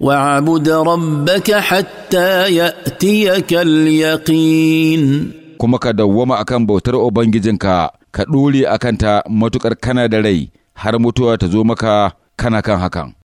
واعبد ربك حتى يأتيك اليقين kuma ka dawwama akan bautar Ubangijinka ka ɗure akanta matuƙar kana da rai har mutuwa ta zo maka kana kan hakan.